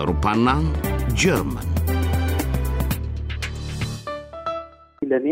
አውሮፓና ጀርመን ለእኔ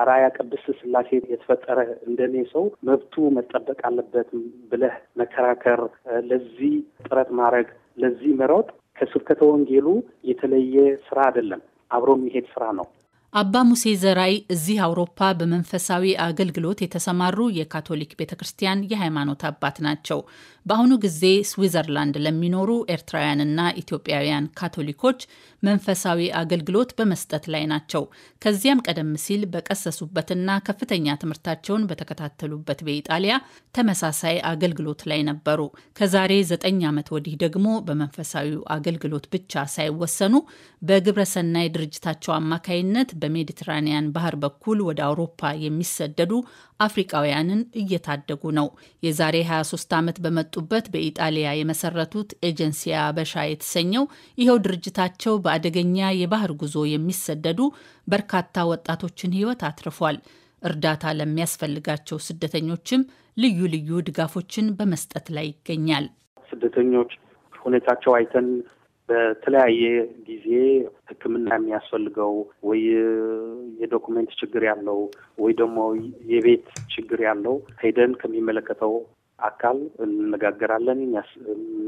አራያ ቅድስት ስላሴ የተፈጠረ እንደኔ ሰው መብቱ መጠበቅ አለበት ብለህ መከራከር፣ ለዚህ ጥረት ማድረግ፣ ለዚህ መሮጥ ከስብከተ ወንጌሉ የተለየ ስራ አይደለም፣ አብሮ የሚሄድ ስራ ነው። አባ ሙሴ ዘራይ እዚህ አውሮፓ በመንፈሳዊ አገልግሎት የተሰማሩ የካቶሊክ ቤተ ክርስቲያን የሃይማኖት አባት ናቸው። በአሁኑ ጊዜ ስዊዘርላንድ ለሚኖሩ ኤርትራውያንና ኢትዮጵያውያን ካቶሊኮች መንፈሳዊ አገልግሎት በመስጠት ላይ ናቸው። ከዚያም ቀደም ሲል በቀሰሱበትና ከፍተኛ ትምህርታቸውን በተከታተሉበት በኢጣሊያ ተመሳሳይ አገልግሎት ላይ ነበሩ። ከዛሬ ዘጠኝ ዓመት ወዲህ ደግሞ በመንፈሳዊ አገልግሎት ብቻ ሳይወሰኑ በግብረሰናይ ድርጅታቸው አማካይነት በሜዲትራኒያን ባህር በኩል ወደ አውሮፓ የሚሰደዱ አፍሪቃውያንን እየታደጉ ነው። የዛሬ 23 ዓመት በመጡበት በኢጣሊያ የመሰረቱት ኤጀንሲያ አበሻ የተሰኘው ይኸው ድርጅታቸው በአደገኛ የባህር ጉዞ የሚሰደዱ በርካታ ወጣቶችን ሕይወት አትርፏል። እርዳታ ለሚያስፈልጋቸው ስደተኞችም ልዩ ልዩ ድጋፎችን በመስጠት ላይ ይገኛል። ስደተኞች ሁኔታቸው አይተን በተለያየ ጊዜ ሕክምና የሚያስፈልገው ወይ የዶኩሜንት ችግር ያለው ወይ ደግሞ የቤት ችግር ያለው ሄደን ከሚመለከተው አካል እንነጋገራለን።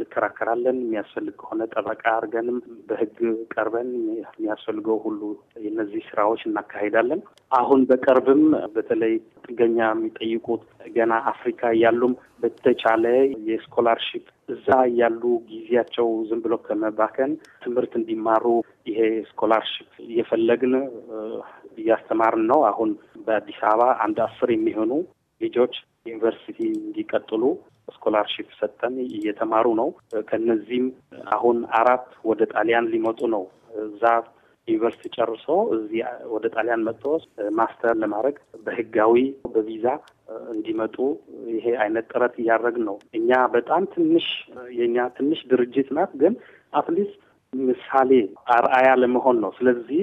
እንከራከራለን። የሚያስፈልግ ከሆነ ጠበቃ አድርገንም በህግ ቀርበን የሚያስፈልገው ሁሉ የነዚህ ስራዎች እናካሄዳለን። አሁን በቅርብም በተለይ ጥገኛ የሚጠይቁት ገና አፍሪካ እያሉም በተቻለ የስኮላርሺፕ እዛ ያሉ ጊዜያቸው ዝም ብሎ ከመባከን ትምህርት እንዲማሩ ይሄ ስኮላርሽፕ እየፈለግን እያስተማርን ነው። አሁን በአዲስ አበባ አንድ አስር የሚሆኑ ልጆች ዩኒቨርሲቲ እንዲቀጥሉ ስኮላርሽፕ ሰጠን። እየተማሩ ነው። ከነዚህም አሁን አራት ወደ ጣሊያን ሊመጡ ነው። እዛ ዩኒቨርሲቲ ጨርሶ እዚህ ወደ ጣሊያን መጥቶ ማስተር ለማድረግ በህጋዊ በቪዛ እንዲመጡ ይሄ አይነት ጥረት እያደረግን ነው። እኛ በጣም ትንሽ የኛ ትንሽ ድርጅት ናት፣ ግን አትሊስት ምሳሌ አርአያ ለመሆን ነው። ስለዚህ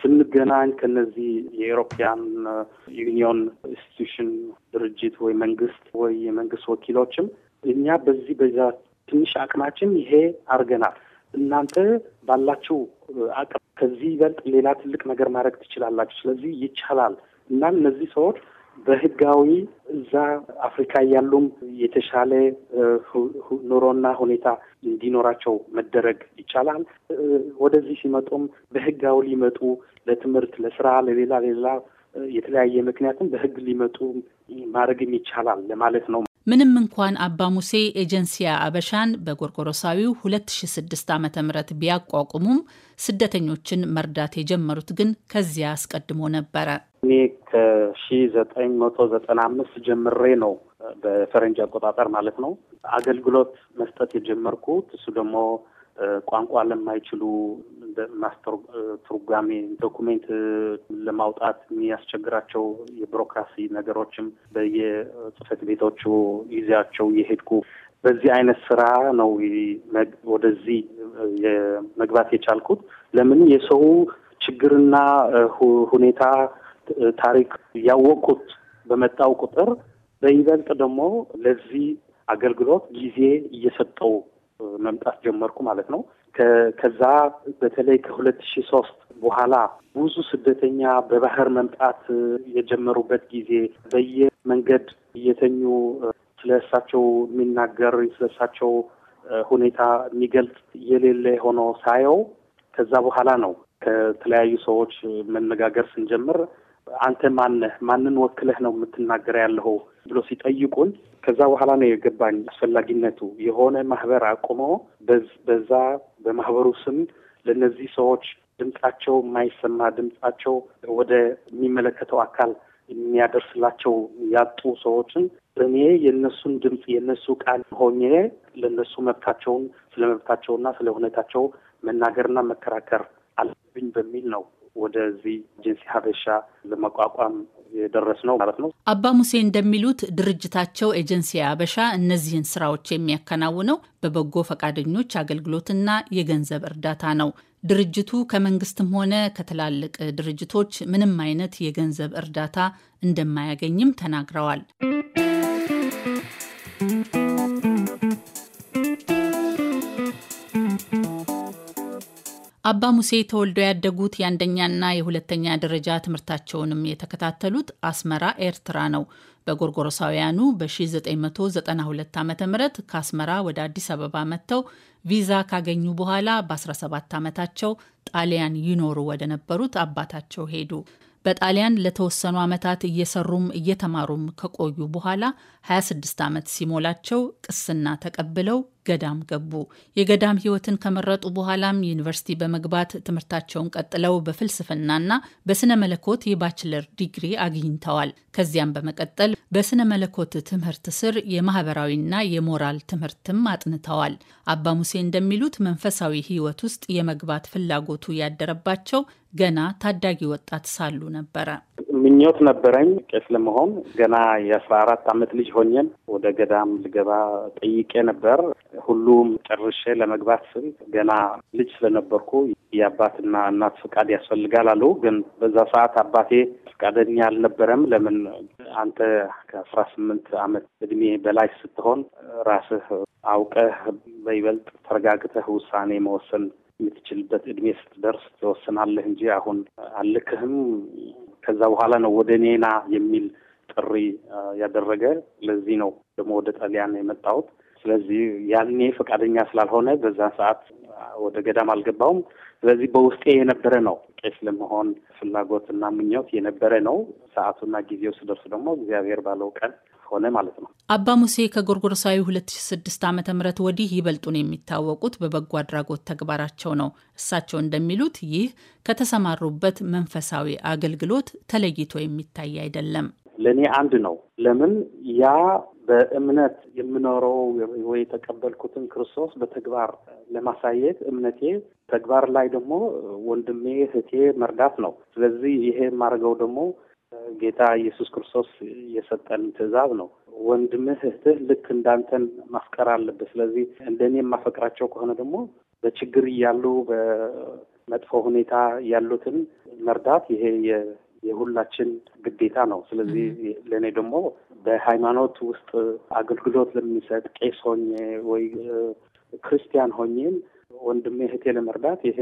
ስንገናኝ ከነዚህ የኤሮፒያን uh, ዩኒዮን ኢንስቲቱሽን ድርጅት ወይ መንግስት ወይ የመንግስት ወኪሎችም እኛ በዚህ በዛ ትንሽ አቅማችን ይሄ አድርገናል፣ እናንተ ባላችሁ uh, አቅም ከዚህ ይበልጥ ሌላ ትልቅ ነገር ማድረግ ትችላላችሁ፣ ስለዚህ ይቻላል እና እነዚህ ሰዎች በህጋዊ እዛ አፍሪካ ያሉም የተሻለ uh, ኑሮና ሁኔታ እንዲኖራቸው መደረግ ይቻላል። ወደዚህ ሲመጡም በህጋው ሊመጡ ለትምህርት፣ ለስራ፣ ለሌላ ሌላ የተለያየ ምክንያትም በህግ ሊመጡ ማድረግም ይቻላል ለማለት ነው። ምንም እንኳን አባ ሙሴ ኤጀንሲያ አበሻን በጎርጎሮሳዊው 2006 ዓ ም ቢያቋቁሙም ስደተኞችን መርዳት የጀመሩት ግን ከዚያ አስቀድሞ ነበረ። እኔ ከሺ 995 ጀምሬ ነው በፈረንጅ አቆጣጠር ማለት ነው። አገልግሎት መስጠት የጀመርኩት እሱ ደግሞ ቋንቋ ለማይችሉ ማስተር ትርጓሜ ዶኩሜንት ለማውጣት የሚያስቸግራቸው የቢሮክራሲ ነገሮችም በየጽህፈት ቤቶቹ ይዚያቸው እየሄድኩ በዚህ አይነት ስራ ነው ወደዚህ መግባት የቻልኩት። ለምን የሰው ችግርና ሁኔታ ታሪክ ያወቅኩት በመጣው ቁጥር በይበልጥ ደግሞ ለዚህ አገልግሎት ጊዜ እየሰጠው መምጣት ጀመርኩ ማለት ነው። ከዛ በተለይ ከሁለት ሺ ሶስት በኋላ ብዙ ስደተኛ በባህር መምጣት የጀመሩበት ጊዜ በየመንገድ እየተኙ እሳቸው የሚናገር እሳቸው ሁኔታ የሚገልጽ የሌለ ሆኖ ሳየው ከዛ በኋላ ነው ከተለያዩ ሰዎች መነጋገር ስንጀምር አንተ ማነህ ማንን ወክለህ ነው የምትናገር ያለኸው ብሎ ሲጠይቁን ከዛ በኋላ ነው የገባኝ አስፈላጊነቱ የሆነ ማህበር አቁሞ በዛ በማህበሩ ስም ለእነዚህ ሰዎች ድምጻቸው የማይሰማ ድምጻቸው ወደ የሚመለከተው አካል የሚያደርስላቸው ያጡ ሰዎችን እኔ የእነሱን ድምፅ የእነሱ ቃል ሆኜ ለእነሱ መብታቸውን ስለ መብታቸውና ስለ ሁኔታቸው መናገርና መከራከር አለብኝ በሚል ነው ወደዚህ ኤጀንሲ ሀበሻ ለመቋቋም የደረስ ነው ማለት ነው። አባ ሙሴ እንደሚሉት ድርጅታቸው ኤጀንሲ ሀበሻ እነዚህን ስራዎች የሚያከናውነው በበጎ ፈቃደኞች አገልግሎትና የገንዘብ እርዳታ ነው። ድርጅቱ ከመንግስትም ሆነ ከትላልቅ ድርጅቶች ምንም አይነት የገንዘብ እርዳታ እንደማያገኝም ተናግረዋል። አባ ሙሴ ተወልደው ያደጉት የአንደኛና የሁለተኛ ደረጃ ትምህርታቸውንም የተከታተሉት አስመራ ኤርትራ ነው። በጎርጎሮሳውያኑ በ1992 ዓ ም ከአስመራ ወደ አዲስ አበባ መጥተው ቪዛ ካገኙ በኋላ በ17 ዓመታቸው ጣሊያን ይኖሩ ወደ ነበሩት አባታቸው ሄዱ። በጣሊያን ለተወሰኑ ዓመታት እየሰሩም እየተማሩም ከቆዩ በኋላ 26 ዓመት ሲሞላቸው ቅስና ተቀብለው ገዳም ገቡ። የገዳም ሕይወትን ከመረጡ በኋላም ዩኒቨርሲቲ በመግባት ትምህርታቸውን ቀጥለው በፍልስፍናና በስነ መለኮት የባችለር ዲግሪ አግኝተዋል። ከዚያም በመቀጠል በስነ መለኮት ትምህርት ስር የማህበራዊና የሞራል ትምህርትም አጥንተዋል። አባ ሙሴ እንደሚሉት መንፈሳዊ ሕይወት ውስጥ የመግባት ፍላጎቱ ያደረባቸው ገና ታዳጊ ወጣት ሳሉ ነበረ። ምኞት ነበረኝ ቄስ ለመሆን ገና የአስራ አራት አመት ልጅ ሆኘን ወደ ገዳም ልገባ ጠይቄ ነበር። ሁሉም ጨርሼ ለመግባት ስል ገና ልጅ ስለነበርኩ የአባትና እናት ፍቃድ ያስፈልጋል አሉ። ግን በዛ ሰዓት አባቴ ፈቃደኛ አልነበረም። ለምን አንተ ከአስራ ስምንት አመት እድሜ በላይ ስትሆን ራስህ አውቀህ በይበልጥ ተረጋግተህ ውሳኔ መወሰን የምትችልበት እድሜ ስትደርስ ትወስናለህ እንጂ አሁን አልክህም ከዛ በኋላ ነው ወደ ኔና የሚል ጥሪ ያደረገ። ለዚህ ነው ደግሞ ወደ ጣሊያን የመጣሁት። ስለዚህ ያኔ ፈቃደኛ ስላልሆነ በዛ ሰዓት ወደ ገዳም አልገባውም። ስለዚህ በውስጤ የነበረ ነው ቄስ ለመሆን ፍላጎትና ምኞት የነበረ ነው። ሰዓቱና ጊዜው ስደርስ ደግሞ እግዚአብሔር ባለው ቀን ሆነ ማለት ነው። አባ ሙሴ ከጎርጎርሳዊ 2006 ዓ ም ወዲህ ይበልጡን የሚታወቁት በበጎ አድራጎት ተግባራቸው ነው። እሳቸው እንደሚሉት ይህ ከተሰማሩበት መንፈሳዊ አገልግሎት ተለይቶ የሚታይ አይደለም። ለእኔ አንድ ነው። ለምን ያ በእምነት የምኖረው ወይ የተቀበልኩትን ክርስቶስ በተግባር ለማሳየት እምነቴ ተግባር ላይ ደግሞ ወንድሜ እህቴ መርዳት ነው። ስለዚህ ይሄ የማደርገው ደግሞ ጌታ ኢየሱስ ክርስቶስ የሰጠን ትእዛዝ ነው። ወንድምህ እህትህ ልክ እንዳንተን ማፍቀር አለበት። ስለዚህ እንደኔ የማፈቅራቸው ከሆነ ደግሞ በችግር እያሉ በመጥፎ ሁኔታ ያሉትን መርዳት ይሄ የሁላችን ግዴታ ነው። ስለዚህ ለእኔ ደግሞ በሃይማኖት ውስጥ አገልግሎት ለሚሰጥ ቄስ ሆኜ ወይ ክርስቲያን ሆኜም ወንድሜ እህቴ ለመርዳት ይሄ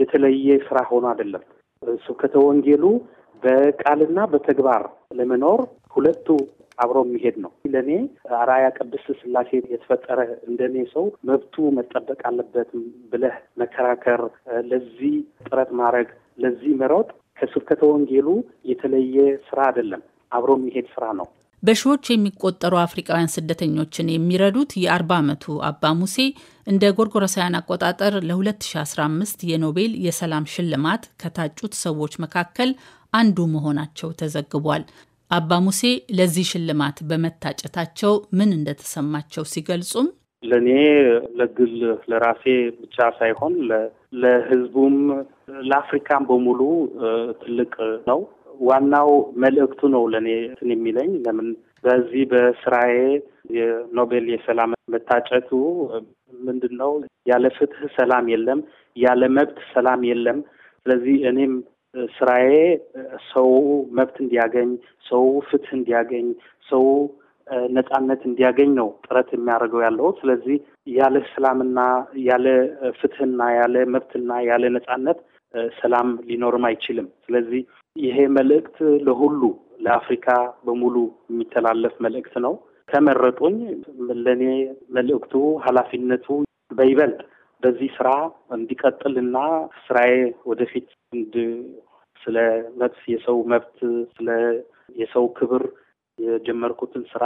የተለየ ስራ ሆኖ አይደለም። ስብከተ ወንጌሉ በቃልና በተግባር ለመኖር ሁለቱ አብሮ የሚሄድ ነው። ለእኔ አራያ ቅድስት ስላሴ የተፈጠረ እንደኔ ሰው መብቱ መጠበቅ አለበት ብለህ መከራከር፣ ለዚህ ጥረት ማድረግ፣ ለዚህ መሮጥ ከስብከተ ወንጌሉ የተለየ ስራ አይደለም፣ አብሮ የሚሄድ ስራ ነው። በሺዎች የሚቆጠሩ አፍሪካውያን ስደተኞችን የሚረዱት የአርባ 40 ዓመቱ አባ ሙሴ እንደ ጎርጎረሳያን አቆጣጠር ለ2015 የኖቤል የሰላም ሽልማት ከታጩት ሰዎች መካከል አንዱ መሆናቸው ተዘግቧል። አባ ሙሴ ለዚህ ሽልማት በመታጨታቸው ምን እንደተሰማቸው ሲገልጹም ለእኔ ለግል ለራሴ ብቻ ሳይሆን ለሕዝቡም ለአፍሪካም በሙሉ ትልቅ ነው። ዋናው መልእክቱ ነው ለእኔ እንትን የሚለኝ ለምን በዚህ በስራዬ የኖቤል የሰላም መታጨቱ ምንድን ነው? ያለ ፍትህ ሰላም የለም፣ ያለ መብት ሰላም የለም። ስለዚህ እኔም ስራዬ ሰው መብት እንዲያገኝ፣ ሰው ፍትህ እንዲያገኝ፣ ሰው ነጻነት እንዲያገኝ ነው ጥረት የሚያደርገው ያለው ስለዚህ ያለ ሰላምና ያለ ፍትህና ያለ መብትና ያለ ነጻነት ሰላም ሊኖርም አይችልም። ስለዚህ ይሄ መልእክት ለሁሉ ለአፍሪካ በሙሉ የሚተላለፍ መልእክት ነው። ከመረጡኝ ለእኔ መልእክቱ ኃላፊነቱ በይበልጥ በዚህ ስራ እንዲቀጥልና ስራዬ ወደፊት እንድ ስለ መብት የሰው መብት ስለ የሰው ክብር የጀመርኩትን ስራ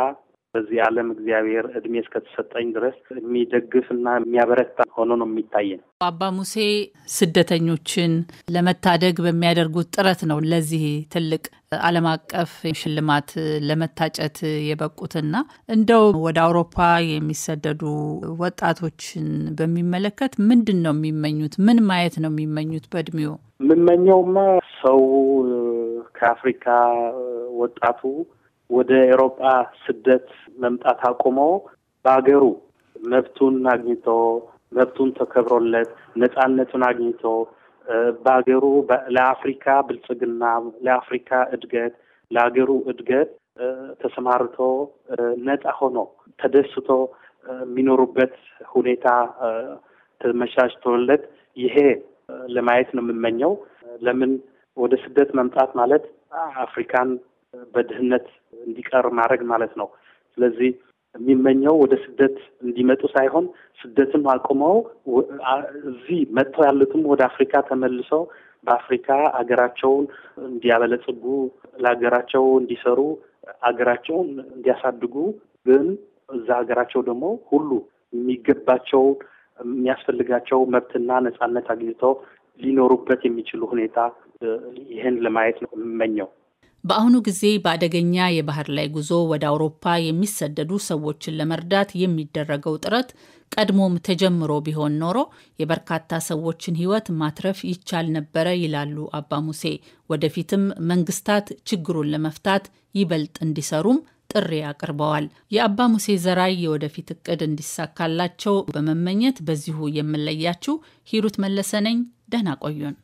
በዚህ ዓለም እግዚአብሔር እድሜ እስከተሰጠኝ ድረስ የሚደግፍ የሚያበረታ ሆኖ ነው የሚታየን። አባ ሙሴ ስደተኞችን ለመታደግ በሚያደርጉት ጥረት ነው ለዚህ ትልቅ ዓለም አቀፍ ሽልማት ለመታጨት የበቁትና እንደው ወደ አውሮፓ የሚሰደዱ ወጣቶችን በሚመለከት ምንድን ነው የሚመኙት? ምን ማየት ነው የሚመኙት? በእድሜው የምመኘውማ ሰው ከአፍሪካ ወጣቱ ወደ ኤሮጳ ስደት መምጣት አቁሞ በሀገሩ መብቱን አግኝቶ መብቱን ተከብሮለት ነፃነቱን አግኝቶ በሀገሩ ለአፍሪካ ብልጽግና፣ ለአፍሪካ እድገት፣ ለሀገሩ እድገት ተሰማርቶ ነፃ ሆኖ ተደስቶ የሚኖሩበት ሁኔታ ተመቻችቶለት ይሄ ለማየት ነው የምመኘው። ለምን ወደ ስደት መምጣት ማለት አፍሪካን በድህነት እንዲቀር ማድረግ ማለት ነው። ስለዚህ የሚመኘው ወደ ስደት እንዲመጡ ሳይሆን ስደትም አቁመው እዚህ መጥተው ያሉትም ወደ አፍሪካ ተመልሰው በአፍሪካ አገራቸውን እንዲያበለጽጉ ለሀገራቸው እንዲሰሩ አገራቸውን እንዲያሳድጉ ግን እዛ ሀገራቸው ደግሞ ሁሉ የሚገባቸው የሚያስፈልጋቸው መብትና ነጻነት አግኝተው ሊኖሩበት የሚችሉ ሁኔታ ይህን ለማየት ነው የምመኘው። በአሁኑ ጊዜ በአደገኛ የባህር ላይ ጉዞ ወደ አውሮፓ የሚሰደዱ ሰዎችን ለመርዳት የሚደረገው ጥረት ቀድሞም ተጀምሮ ቢሆን ኖሮ የበርካታ ሰዎችን ሕይወት ማትረፍ ይቻል ነበረ ይላሉ አባ ሙሴ። ወደፊትም መንግስታት ችግሩን ለመፍታት ይበልጥ እንዲሰሩም ጥሪ አቅርበዋል። የአባ ሙሴ ዘራይ የወደፊት እቅድ እንዲሳካላቸው በመመኘት በዚሁ የምለያችሁ ሂሩት መለሰ ነኝ። ደህና ቆዩን።